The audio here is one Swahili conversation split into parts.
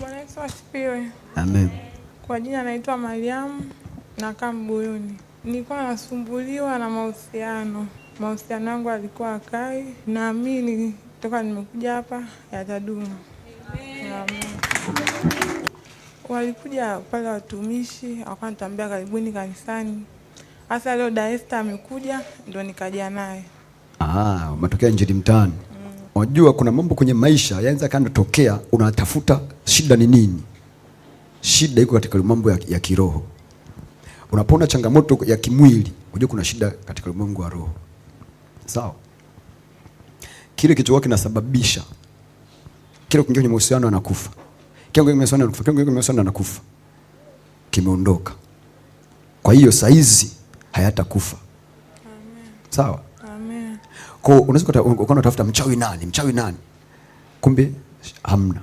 Bwana Yesu asifiwe. Amen. Kwa jina naitwa Mariamu nakaa Mbuyuni. Nilikuwa nasumbuliwa na mahusiano, mahusiano yangu alikuwa akai, naamini toka nimekuja hapa yatadumu. Walikuja pale watumishi wakanitambia karibuni kanisani, hasa leo Daesta amekuja ndo nikaja naye. Ah, umetokea Njili Mtaani. Unajua kuna mambo kwenye maisha yanaweza tokea, unatafuta shida ni nini. Shida iko katika mambo ya, ya kiroho. Unapona changamoto ya kimwili, unajua kuna shida katika ulimwengu wa roho. Sawa, kile kichokuwa kinasababisha kile kingine kwenye mahusiano anakufa, kile kingine kwenye mahusiano anakufa, kile kuingia kwenye mahusiano anakufa, kimeondoka. Kwa hiyo saizi hayatakufa. Amen. Sawa. Kwa unaweza ukaona utafuta mchawi nani, mchawi nani, kumbe hamna.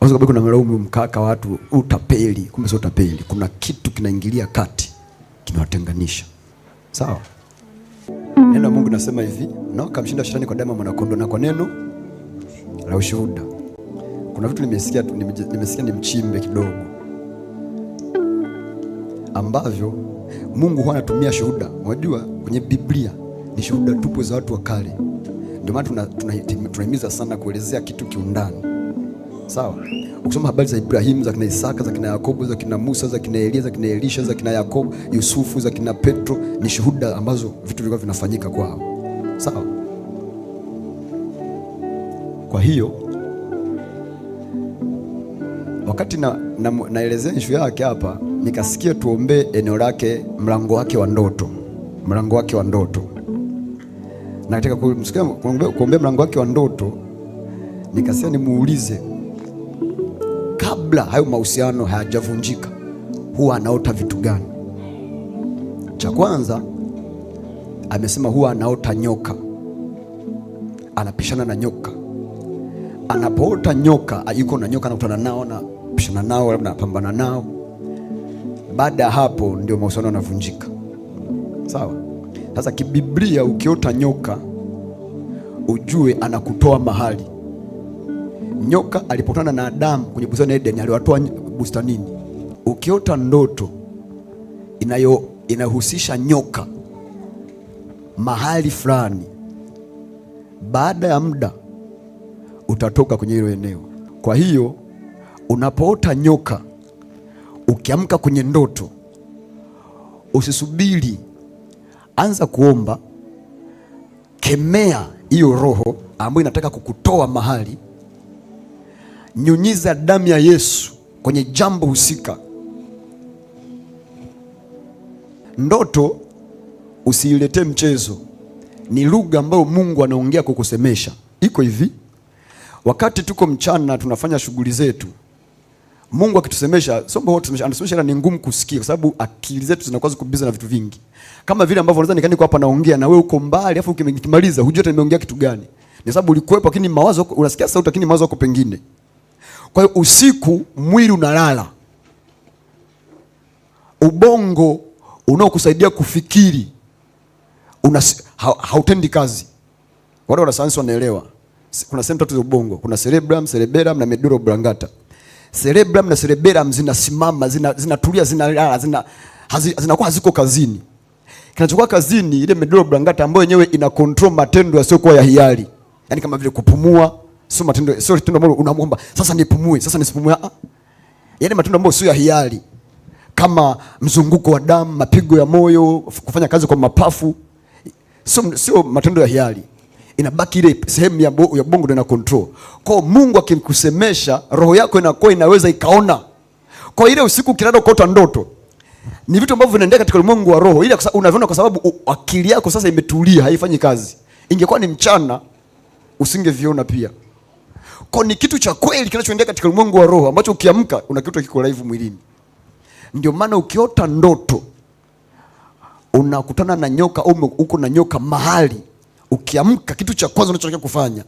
Unaweza kubaki kuna mlaumu mkaka watu utapeli, kumbe sio utapeli. Kuna kitu kinaingilia kati kinawatenganisha. Sawa? Neno la Mungu nasema hivi, no, kamshinda shetani kwa damu ya mwanakondoo na kwa neno la ushuhuda. Kuna vitu nimesikia tu, nimesikia ni mchimbe kidogo ambavyo Mungu huwa anatumia shuhuda. Unajua kwenye Biblia ni shuhuda tupu za watu wa kale. Ndio maana tunahimiza sana kuelezea kitu kiundani, sawa. Ukisoma habari za Ibrahimu, za kina Isaka, za kina Yakobo, za kina Musa, za kina Elia, za kina Elisha, za kina Yakobo, Yusufu, za kina Petro, ni shuhuda ambazo vitu vilikuwa vinafanyika kwao, sawa. Kwa hiyo wakati naelezea na, na ishu yake hapa, nikasikia tuombee eneo lake, mlango wake wa ndoto, mlango wake wa ndoto nataka kumsikia kuombea mlango wake wa ndoto nikasema nimuulize, kabla hayo mahusiano hayajavunjika huwa anaota vitu gani? Cha kwanza amesema huwa anaota nyoka, anapishana na nyoka. Anapoota nyoka, yuko na nyoka, anakutana nao, anapishana nao, labda anapambana nao. Baada ya hapo, ndio mahusiano yanavunjika. Sawa. Sasa kibiblia, ukiota nyoka ujue anakutoa mahali. Nyoka alipokutana na Adamu kwenye bustani Edeni aliwatoa bustanini. Ukiota ndoto inayo inahusisha nyoka mahali fulani, baada ya muda utatoka kwenye hilo eneo. Kwa hiyo unapoota nyoka, ukiamka kwenye ndoto, usisubiri anza kuomba, kemea hiyo roho ambayo inataka kukutoa mahali, nyunyiza damu ya Yesu kwenye jambo husika. Ndoto usiiletee mchezo, ni lugha ambayo Mungu anaongea kukusemesha. Iko hivi, wakati tuko mchana tunafanya shughuli zetu Mungu akitusemesha sio anatusemesha, ni ngumu kusikia kwa sababu akili zetu zinakuwa zikubiza na vitu vingi, kama vile ambavyo unaweza nikani niko hapa naongea na wewe uko mbali, afu ukimaliza hujui hata nimeongea kitu gani, ni sababu ulikuwepo, lakini mawazo unasikia sauti, lakini mawazo yako pengine. Kwa hiyo usiku mwili unalala, ubongo unaokusaidia kufikiri una, ha, hautendi kazi. Wale wanasayansi wanaelewa, kuna sehemu tatu za ubongo, kuna cerebrum, cerebellum na medulla oblongata cerebrum na cerebellum zinasimama, zinatulia, zina zinalala, zina zinakuwa haziko kazini. Kinachokuwa kazini ile medulla oblongata ambayo yenyewe ina control matendo yasiyokuwa ya hiari, yani kama vile kupumua. Sio matendo, sio tendo ambalo unamwomba sasa nipumue, sasa nisipumue, ah, ah. yani matendo ambayo sio ya hiari, kama mzunguko wa damu, mapigo ya moyo, kufanya kazi kwa mapafu, sio sio matendo ya hiari inabaki ile sehemu ya ya bongo ndio ina control. Kwa Mungu akikusemesha roho yako inakuwa inaweza ikaona. Kwa ile usiku ukilala kota ndoto ni vitu ambavyo vinaendelea katika ulimwengu wa roho, ile unaviona kwa sababu akili yako sasa imetulia, haifanyi kazi. Ingekuwa ni mchana usingeviona pia. Kwa ni kitu cha kweli kinachoendelea katika ulimwengu wa roho ambacho ukiamka unakuta kiko live mwilini. Ndio maana ukiota ndoto unakutana na nyoka au uko na nyoka mahali Ukiamka, kitu cha kwanza unachotakiwa kufanya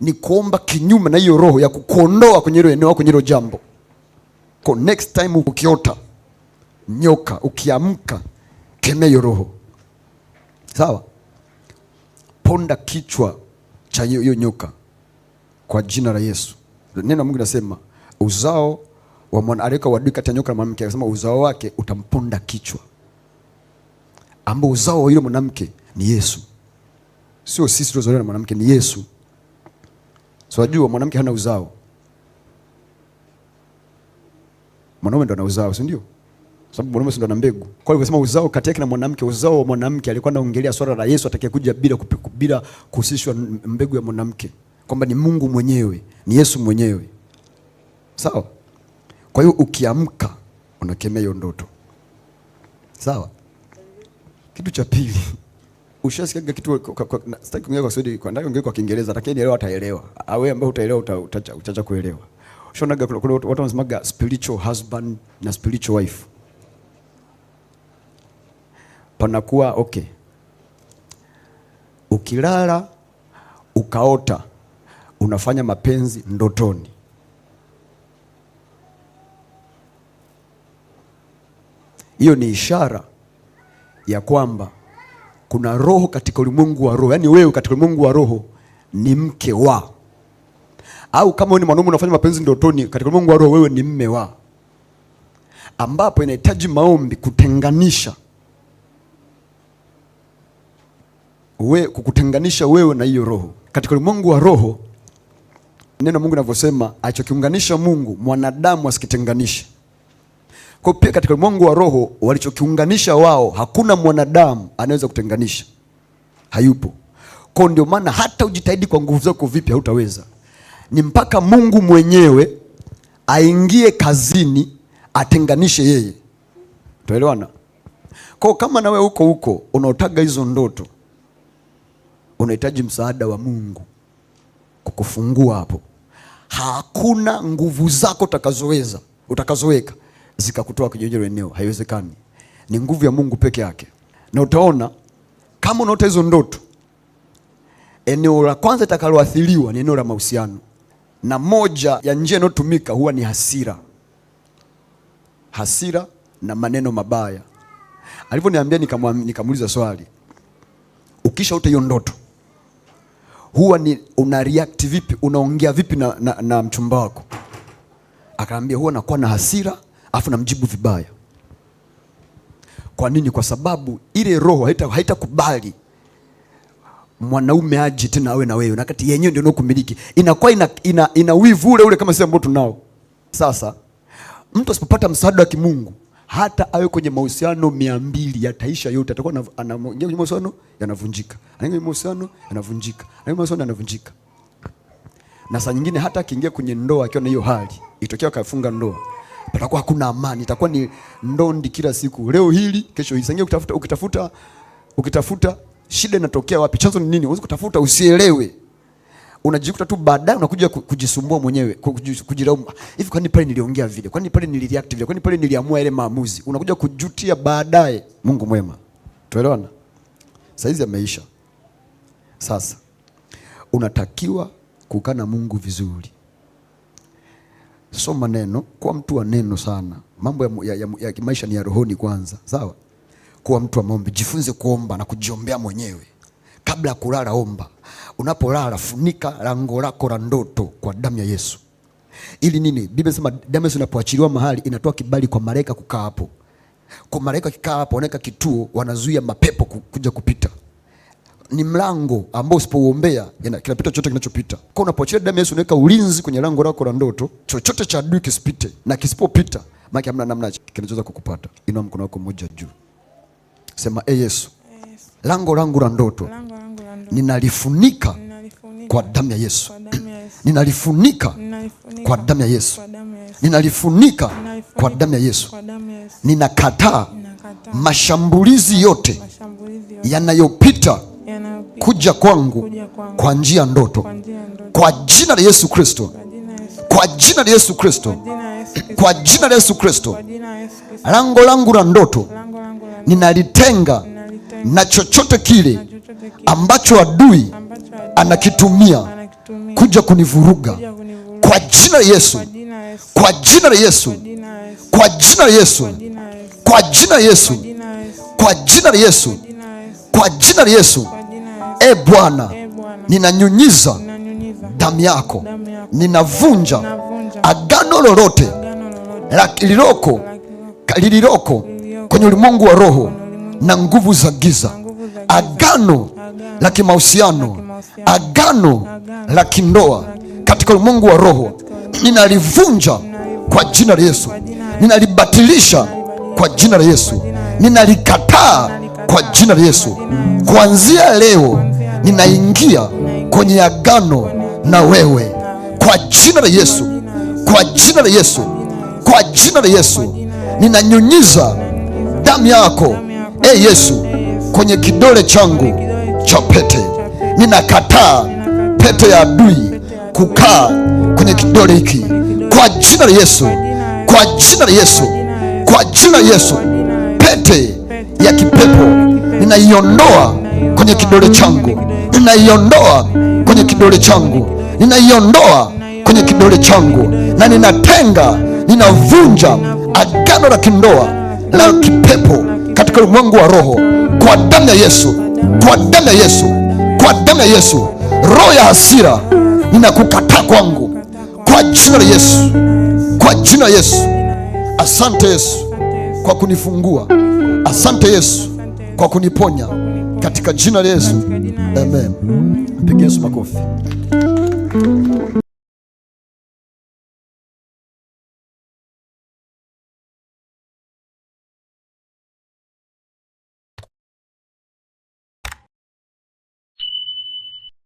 ni kuomba kinyume na hiyo roho ya kukuondoa kwenye hilo eneo kwenye hilo jambo. Kwa next time ukiota nyoka, ukiamka, kemea hiyo roho, sawa? Ponda kichwa cha hiyo nyoka kwa jina la Yesu. Neno la Mungu linasema uzao wa mwana mwanadamu wadui kati ya nyoka na mwanamke, akasema uzao wake utamponda kichwa, ambao uzao wa yule mwanamke ni Yesu sio sisi tuliozaliwa na mwanamke, ni Yesu. Unajua mwanamke hana uzao, mwanaume ndo ana uzao, si ndio? Sababu mwanaume ndo ana mbegu. Kwa hiyo ukisema uzao kati yake na mwanamke, uzao wa mwanamke, alikuwa anaongelea swala la Yesu atakayekuja bila bila kuhusishwa mbegu ya mwanamke, kwamba ni Mungu mwenyewe, ni Yesu mwenyewe, sawa. Kwa hiyo ukiamka unakemea hiyo ndoto, sawa. Kitu cha pili ushasikia kitu sitaki kuongea kwa Kiswahili, kwa ndani kwa Kiingereza, lakini elewa ataelewa. Awe ambaye utaelewa utacha utacha kuelewa. Shonaga kuna kuna watu wanasemaga spiritual husband na spiritual wife. Panakuwa okay. Ukilala ukaota unafanya mapenzi ndotoni. Hiyo ni ishara ya kwamba kuna roho katika ulimwengu wa roho, yaani wewe katika ulimwengu wa roho ni mke wa, au kama wewe ni mwanaume unafanya mapenzi ndotoni, katika ulimwengu wa roho wewe ni mme wa, ambapo inahitaji maombi kutenganisha we, kukutenganisha wewe na hiyo roho. Katika ulimwengu wa roho, neno Mungu linavyosema, alichokiunganisha Mungu mwanadamu asikitenganishe. Kwa pia katika ulimwengu wa roho walichokiunganisha wao hakuna mwanadamu anaweza kutenganisha, hayupo. Kwa ndio maana hata ujitahidi kwa nguvu zako vipi, hautaweza. Ni mpaka Mungu mwenyewe aingie kazini atenganishe yeye, tuelewana. Kwa kama nawe huko huko unaotaga hizo ndoto, unahitaji msaada wa Mungu kukufungua hapo. Hakuna nguvu zako utakazoweza utakazoweka zikakutoa hilo eneo, haiwezekani. Ni nguvu ya Mungu peke yake, na utaona kama unaota hizo ndoto. Eneo la kwanza itakaloathiriwa ni eneo la mahusiano, na moja ya njia inayotumika huwa ni hasira, hasira na maneno mabaya. Alivyoniambia nikamuuliza swali, ukishaota hiyo ndoto huwa ni una react vipi? Unaongea vipi na, na, na mchumba wako? Akaambia huwa nakuwa na hasira afu namjibu vibaya. Kwa nini? Kwa sababu ile roho haitakubali haita mwanaume aje tena awe na wewe, na kati yenyewe ndio unaokumiliki. Inakuwa ina, ina, ina wivu ule ule kama sisi ambao tunao sasa. Mtu asipopata msaada wa kimungu hata awe kwenye mahusiano mia mbili yataisha yote, atakuwa anaingia kwenye mahusiano yanavunjika, anaingia kwenye mahusiano yanavunjika, anaingia kwenye mahusiano yanavunjika. Na saa nyingine hata akiingia kwenye ndoa akiwa na hiyo hali, itokea akafunga ndoa patakuwa hakuna amani, itakuwa ni ndondi kila siku, leo hili, kesho hili. Sangia ukitafuta ukitafuta ukitafuta shida inatokea wapi, chanzo ni nini? Uweze kutafuta, usielewe, unajikuta tu baadaye unakuja kujisumbua mwenyewe, kujilaumu, hivi kwani pale niliongea vile, kwani pale nilireact vile, kwani pale niliamua ile maamuzi, unakuja kujutia baadaye. Mungu mwema, tuelewana. Saizi ameisha. Sasa unatakiwa kukaa na Mungu vizuri. Soma neno, kuwa mtu wa neno sana. Mambo ya, ya, ya, ya maisha ni ya rohoni kwanza, sawa? Kuwa mtu wa maombi, jifunze kuomba na kujiombea mwenyewe. Kabla ya kulala, omba. Unapolala, funika lango lako la ndoto kwa damu ya Yesu. Ili nini? Biblia inasema damu Yesu inapoachiliwa mahali inatoa kibali kwa malaika kukaa hapo. Kwa malaika kikaa hapo, wanaweka kituo, wanazuia mapepo kuja kupita ni mlango ambao usipouombea kinapita chochote kinachopita. Kwa unapoachilia damu ya Yesu unaweka ulinzi kwenye lango lako la ndoto, chochote cha adui kisipite, na kisipopita maana hamna namna kinachoweza kukupata. Inua mkono wako mmoja juu, sema e Yesu, lango langu la ndoto ninalifunika kwa damu ya Yesu, ninalifunika kwa damu ya Yesu, ninalifunika kwa damu ya Yesu. Ninakataa mashambulizi yote yanayopita kuja kwangu kwa njia ndoto, kwa jina la Yesu Kristo, kwa jina la Yesu Kristo, kwa jina la Yesu Kristo. Lango langu la ndoto ninalitenga na chochote kile ambacho adui anakitumia kuja kunivuruga kwa jina la Yesu, kwa jina la Yesu, kwa jina la Yesu, kwa jina la Yesu, kwa jina la Yesu, kwa jina la Yesu. E, e Bwana, ninanyunyiza damu yako, ninavunja agano lolote lililoko lililoko kwenye ulimwengu wa roho na nguvu za giza, agano la kimahusiano, agano la kindoa katika ulimwengu wa roho ninalivunja kwa jina la Yesu, ninalibatilisha kwa jina la Yesu, ninalikataa kwa jina la Yesu kuanzia leo ninaingia kwenye agano na wewe kwa jina la Yesu, kwa jina la Yesu, kwa jina la Yesu. Ninanyunyiza damu yako e Yesu kwenye kidole changu cha pete. Ninakataa pete ya adui kukaa kwenye kidole hiki kwa jina la Yesu, kwa jina la Yesu, kwa jina la Yesu. Pete ya kipepo ninaiondoa kwenye kidole changu, ninaiondoa kwenye kidole changu, ninaiondoa kwenye kidole changu, na ninatenga, ninavunja agano la kindoa la kipepo katika ulimwengu wa roho kwa damu ya Yesu, kwa damu ya Yesu, kwa damu ya Yesu. Roho ya hasira ninakukataa kwangu kwa jina la Yesu, kwa jina la Yesu. Asante Yesu kwa kunifungua, asante Yesu kwa kuniponya katika jina la Yesu, amen. Mpigie Yesu makofi.